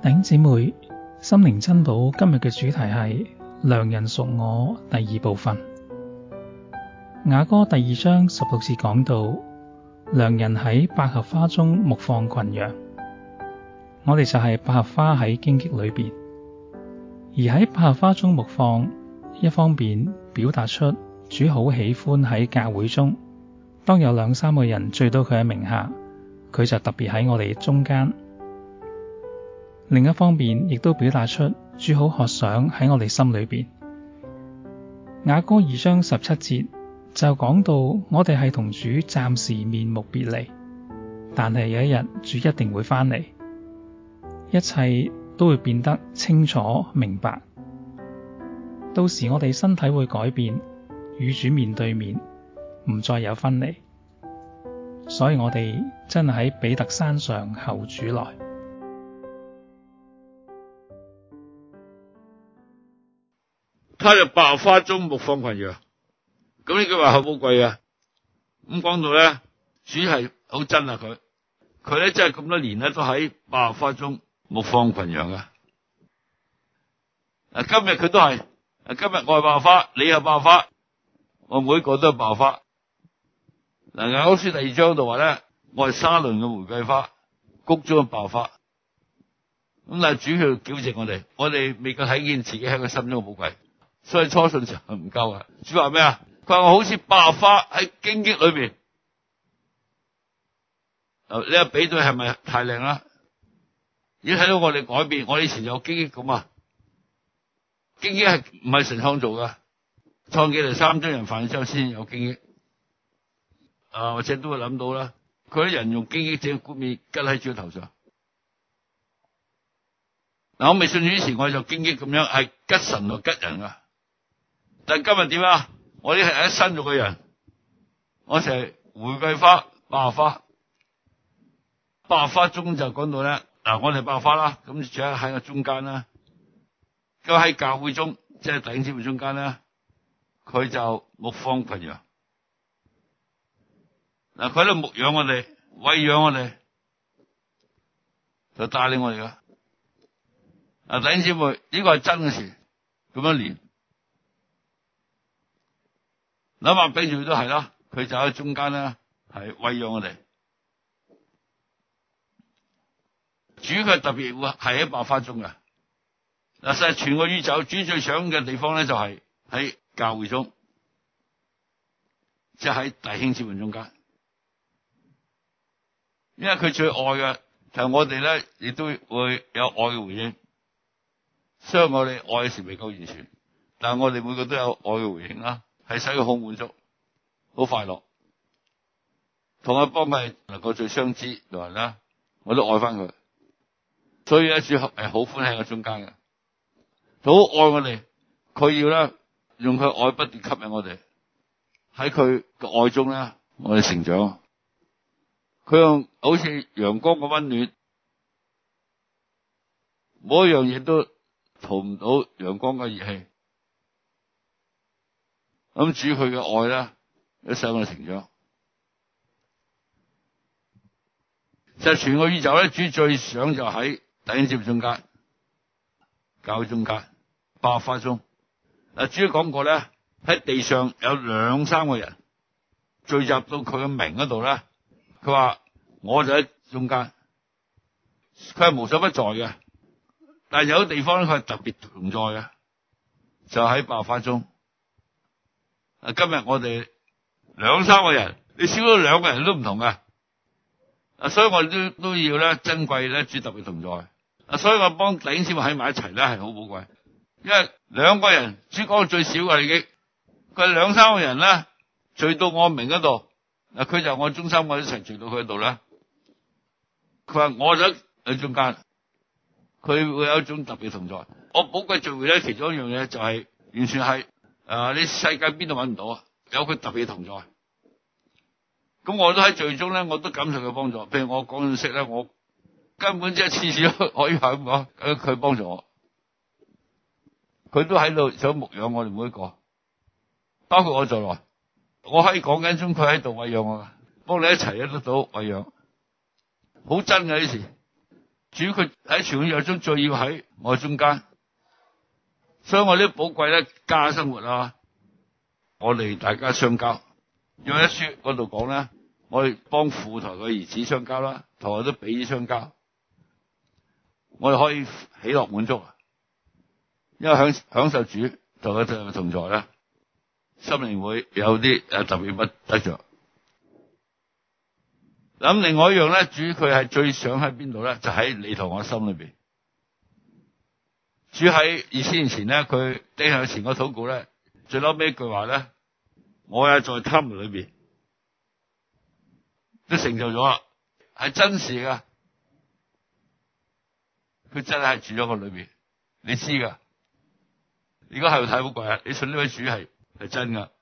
頂姐妹，心靈珍寶今日嘅主題係良人屬我第二部分。雅歌第二章十六節講到，良人喺百合花中牧放群羊。我哋就係百合花喺荊棘裏邊，而喺百合花中牧放，一方面表達出主好喜歡喺教會中，當有兩三個人聚到佢嘅名下，佢就特別喺我哋中間。另一方面，亦都表達出主好學想喺我哋心裏邊。雅歌二章十七節就講到，我哋係同主暫時面目別離，但係有一日主一定會翻嚟，一切都會變得清楚明白。到時我哋身體會改變，與主面對面，唔再有分離。所以我哋真係喺比特山上候主來。佢就百合花中牧放群羊，咁呢句話好寶貴啊。咁講到咧，主係好真啊！佢佢咧真係咁多年咧都喺百合花中牧放群羊啊。嗱，今日佢都係，今日我係百合花，你又百合花，我每個都係百合花。嗱，《雅歌書》第二章度話咧，我係沙崙嘅玫瑰花，谷中嘅百合花。咁但係主要矯正我哋，我哋未夠睇見自己喺佢心中嘅寶貴。所以初信時係唔夠啊！主話咩啊？佢話我好似百合花喺荊棘裏面，你一比對係咪太靚啦？已經睇到我哋改變。我以前有荊棘咁啊，荊棘係唔係神創造嘅？創世記三章人犯咗之後先有荊棘啊！或者都會諗到啦。佢啲人用荊棘整個冠冕吉喺主嘅頭上。嗱，我未信主以前，我就荊棘咁樣係吉神就吉人啊！但今日點啊？我哋係一生肉嘅人，我成玫瑰花、百合花、百合花中就講到咧。嗱，我哋百合花啦，咁就喺個中間啦。咁喺教會中，即係弟兄姊妹中間呢，佢就牧放群羊。嗱，佢喺度牧養我哋，餵養我哋，就帶領我哋啦。啊，弟兄姊妹，呢個係真嘅事。咁多年。諗下，想比如佢都係啦，佢就喺中間咧，係餵養我哋，主嘅特別會係喺百合花中嘅。嗱，實際全個宇宙，主最想嘅地方咧，就係喺教會中，即、就、喺、是、弟兄姊妹中間，因為佢最愛嘅，就係我哋咧亦都會有愛嘅回應。雖然我哋愛嘅時未夠完全，但係我哋每個都有愛嘅回應啦。係使佢好滿足、好快樂，同阿幫佢能夠最相知，同埋咧我都愛翻佢，所以一主係好歡喜喺中間嘅，好愛我哋，佢要咧用佢愛不斷吸引我哋喺佢嘅愛中咧，我哋成長，佢用好似陽光嘅溫暖，每一樣嘢都逃唔到陽光嘅熱氣。咁主佢嘅愛咧，一生命成長。就是、全個宇宙咧，主最想就喺第一節中間，教會中間，百合花中。嗱，主講過咧，喺地上有兩三個人聚集到佢嘅名嗰度咧，佢話我就喺中間，佢係無所不在嘅，但係有啲地方佢係特別同在嘅，就喺百合花中。啊！今日我哋兩三個人，你少咗兩個人都唔同噶。啊，所以我都都要咧，珍貴咧，主特別同在。啊，所以我幫頂少喺埋一齊咧，係好寶貴。因為兩個人，珠江最少嘅利益。佢兩三個人咧，聚到我名嗰度，佢就我中三個一齊聚到佢嗰度咧。佢話我想喺中間，佢會有一種特別同在。我寶貴聚會咧，其中一樣嘢就係、是、完全係。啊！你世界邊度搵唔到啊？有佢特別同在，咁我都喺最終咧，我都感受佢幫助。譬如我講訊息咧，我根本即係次次都可以係咁講，佢幫助我，佢都喺度想牧養我哋每一個，包括我在內。我可以講緊中，佢喺度餵養我噶，幫你一齊得到餵養，好真嘅呢事。主要佢喺全宇宙中最要喺我中間。所以我啲寶貴咧家生活啊，我哋大家相交，用一書嗰度講咧，我哋幫富台嘅兒子相交啦，同我都俾啲相交，我哋可以喜樂滿足，因為享享受主同佢真同在呢，心靈會有啲誒特別不得着。咁另外一樣咧，主佢係最想喺邊度咧？就喺，是，你同我心裏邊。主喺二千年前咧，佢盯向前個禱告咧，最嬲尾一句話咧，我也在他們裏面都成就咗啦，係真實噶，佢真係住咗個裏面，你知噶，如果係度睇好貴啊，你信呢位主係係真噶，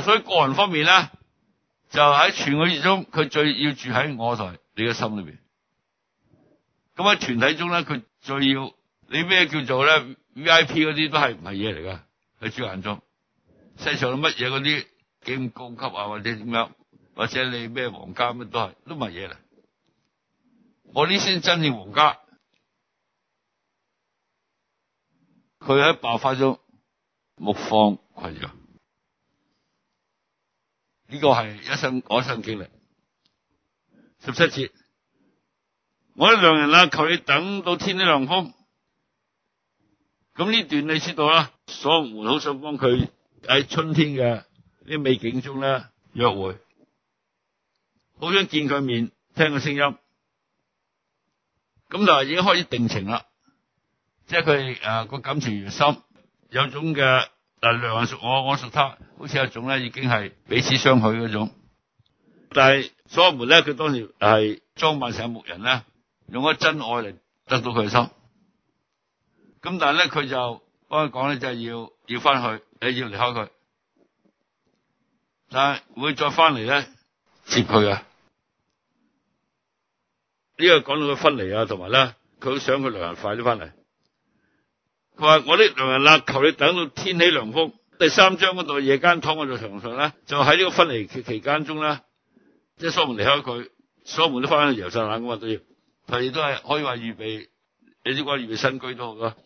所以個人方面咧，就喺全個之中，佢最要住喺我同，你嘅心裏面。咁喺團體中咧，佢最要你咩叫做咧，V I P 嗰啲都係唔係嘢嚟噶，喺主眼中，世上有乜嘢嗰啲幾高級啊，或者點樣，或者你咩皇家乜都係都唔係嘢嚟。我呢先真正皇家，佢喺百合花中牧放羣羊。呢、呢個係一生我一生經歷十七節，我啲良人啊，求你等到天起涼風。咁呢段你知道啦。所門好想幫佢喺春天嘅啲美景中咧約會，好想見佢面，聽佢聲音。咁就已經開始定情啦，即係佢誒個感情越深，有種嘅誒良人屬我，我屬他，好似一種咧已經係彼此相許嗰種。但係所門咧，佢當時係裝扮成牧人咧。用咗真愛嚟得到佢嘅心，咁但係咧佢就，幫佢講咧就係要要翻去，你要離開佢，但係會再翻嚟咧，接佢啊！呢個講到佢分離啊，同埋咧佢想佢良人快啲翻嚟。佢話我呢良人啦，求你等到天起涼風，第三章嗰度夜間躺喺張床上咧，就喺呢個分離期期間中咧，即係鎖門離開佢，鎖門都翻去油滲冷咁啊都要。佢亦都係可以話預備，你啲講預備新居都好噶。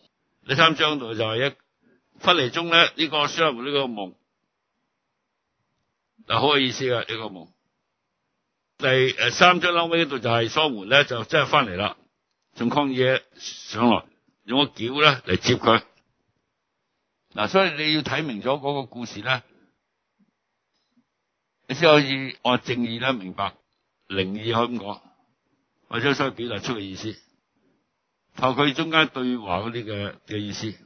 第三張度就係一分離中咧，呢、這個雙門呢個夢，嗱好有意思噶呢、這個夢。第誒三張尾呢度就係雙門咧，就真係翻嚟啦，仲扛嘢上來，用個杓咧嚟接佢。嗱，所以你要睇明咗嗰個故事咧，你先可以按正義咧明白靈意，靈異可以咁講。或者所以表達出嘅意思，求佢中間對話嗰啲嘅嘅意思，呢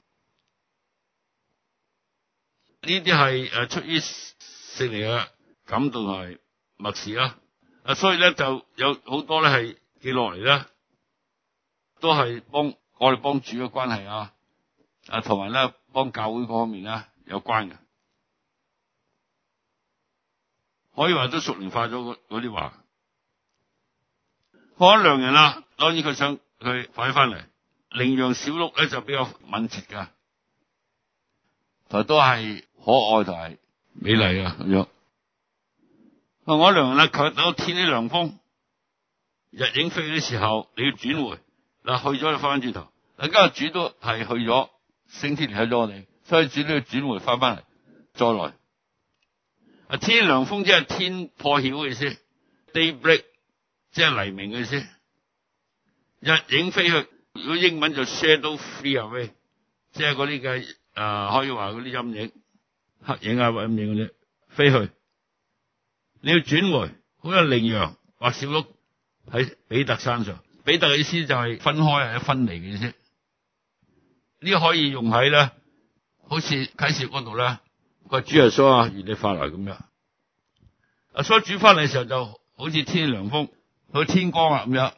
啲係誒出於聖靈嚟嘅，感動係默示啦。啊，所以咧就有好多咧係記落嚟咧，都係幫我哋幫主嘅關係啊，啊，同埋咧幫教會嗰方面咧有關嘅，可以話都熟練化咗嗰啲話。放咗良人啦、啊，當然佢想佢快啲翻嚟。另一樣小鹿咧就比較敏捷噶，但都係可愛同埋美麗啊咁樣。我的良人啦，佢等到天起涼風、日影飛去嘅時候，你要轉回嗱的去咗就翻轉頭，等今主都係去咗升天嚟，睇咗我哋，所以主都要轉回翻翻嚟再來。啊，天涼風即係天破曉嘅意思，day break。即係黎明嘅意思，日影飛去，如果英文就 shadow flee away 即係嗰啲嘅啊，可以話嗰啲陰影、黑影啊，或陰影嗰啲飛去。你要轉回，好似羚羊或小鹿喺比特山上。比特嘅意思就係分開，係分離嘅意思。呢可以用喺咧，好似啟示嗰度咧，個主耶穌啊，願你發來咁樣。耶穌轉翻嚟嘅時候，就好似天涼風。佢天光啊，咁樣，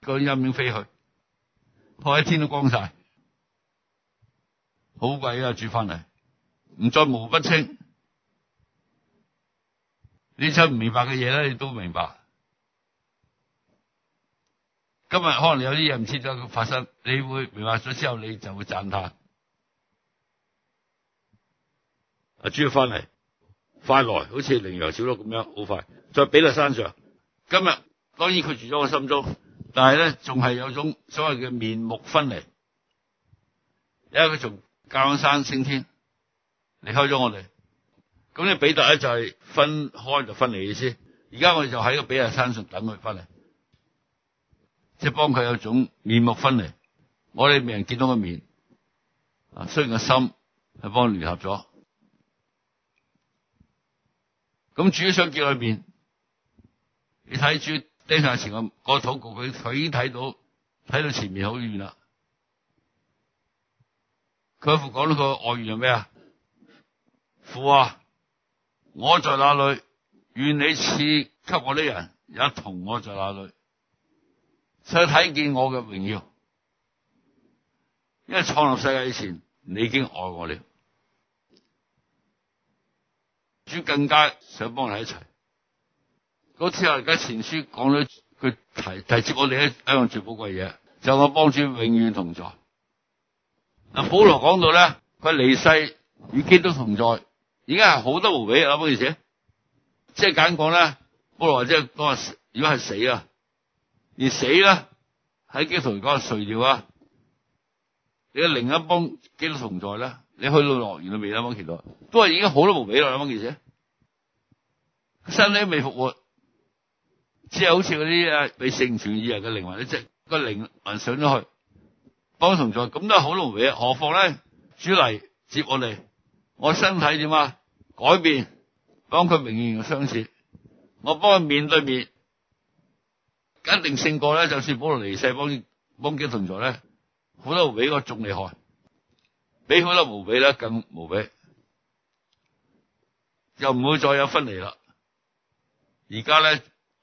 個陰影飛去，破開天都光晒，好鬼啊！主翻嚟，唔再模糊不清，你想唔明白嘅嘢咧，你都明白。今日可能有啲嘢唔知咗發生，你會明白咗之後，你就會讚嘆。阿主翻嚟，快來，好似羚羊小鹿咁樣，好快。在比特山上，今日。當然佢住咗我心中，但係咧，仲係有種所謂嘅面目分離，因為佢從教山升天離開咗我哋。咁你比特咧，就係分開就分離嘅意思。而家我哋就喺個比特山上等佢翻嚟，即係幫佢有種面目分離。我哋未能見到個面，啊雖然個心係幫佢聯合咗，咁主想見佢面，你睇住。登上前個個禱告，佢佢已經睇到睇到前面好遠啦。佢副講到個外遇係咩啊？父啊，我在哪裡，願你賜給我啲人也同我在那裡，使佢睇見我嘅榮耀。因為創立世界以前，你已經愛我了，主更加想幫你一齊。嗰次我而家前書講咗，佢提提及我哋一樣最寶貴嘢，就是、我幫主永遠同在。阿保羅講到咧，佢離世與基督同在，已經係好得無比啊！講件事，即、就、係、是、簡講咧，保羅即係講話，如果係死啊，而死咧喺基督同講係睡掉啊，你嘅另一幫基督同在咧，你去到樂園都未諗到、那個，都係已經好得無比啦！講件事，身體未復活。只係好似嗰啲啊被成全義人嘅靈魂，即係個靈魂上咗去幫同在，咁都係好無比。何況咧，主嚟接我哋，我身體點啊改變？幫佢明顯相似，我幫佢面對面，肯定勝過咧。就算保羅離世，幫幫幾同在咧，保羅比嗰個仲厲害，比保羅無比咧更無比，又唔會再有分離啦。而家咧。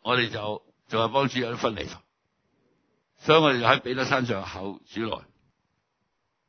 我哋就仲係幫主人分離，所以我哋喺比特山上候主來。